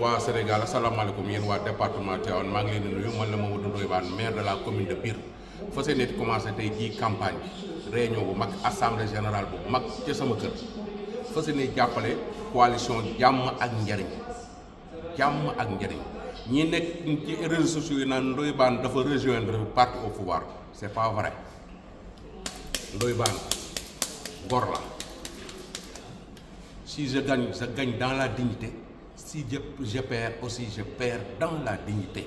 waa Sénégal asalaamaaleykum yéen waa département Tivaouane maa ngi leen di nuyu man la Mamadou Ndoye Bane maire de la commune de Pire fa see commencé tey jii campagne bi bu mag assemblée général bu mag ca sama kër fa see ne jàppale coalition jàmm ak njariñ jàmm ak njariñ ñi nekk ci réseaux sociaux yi naan Ndoye Bane dafa rejoindre parti au pouvoir c'est pas vrai gor la si je gagne je gagne dans la dignité Si je, perds aussi, je perds dans la dignité.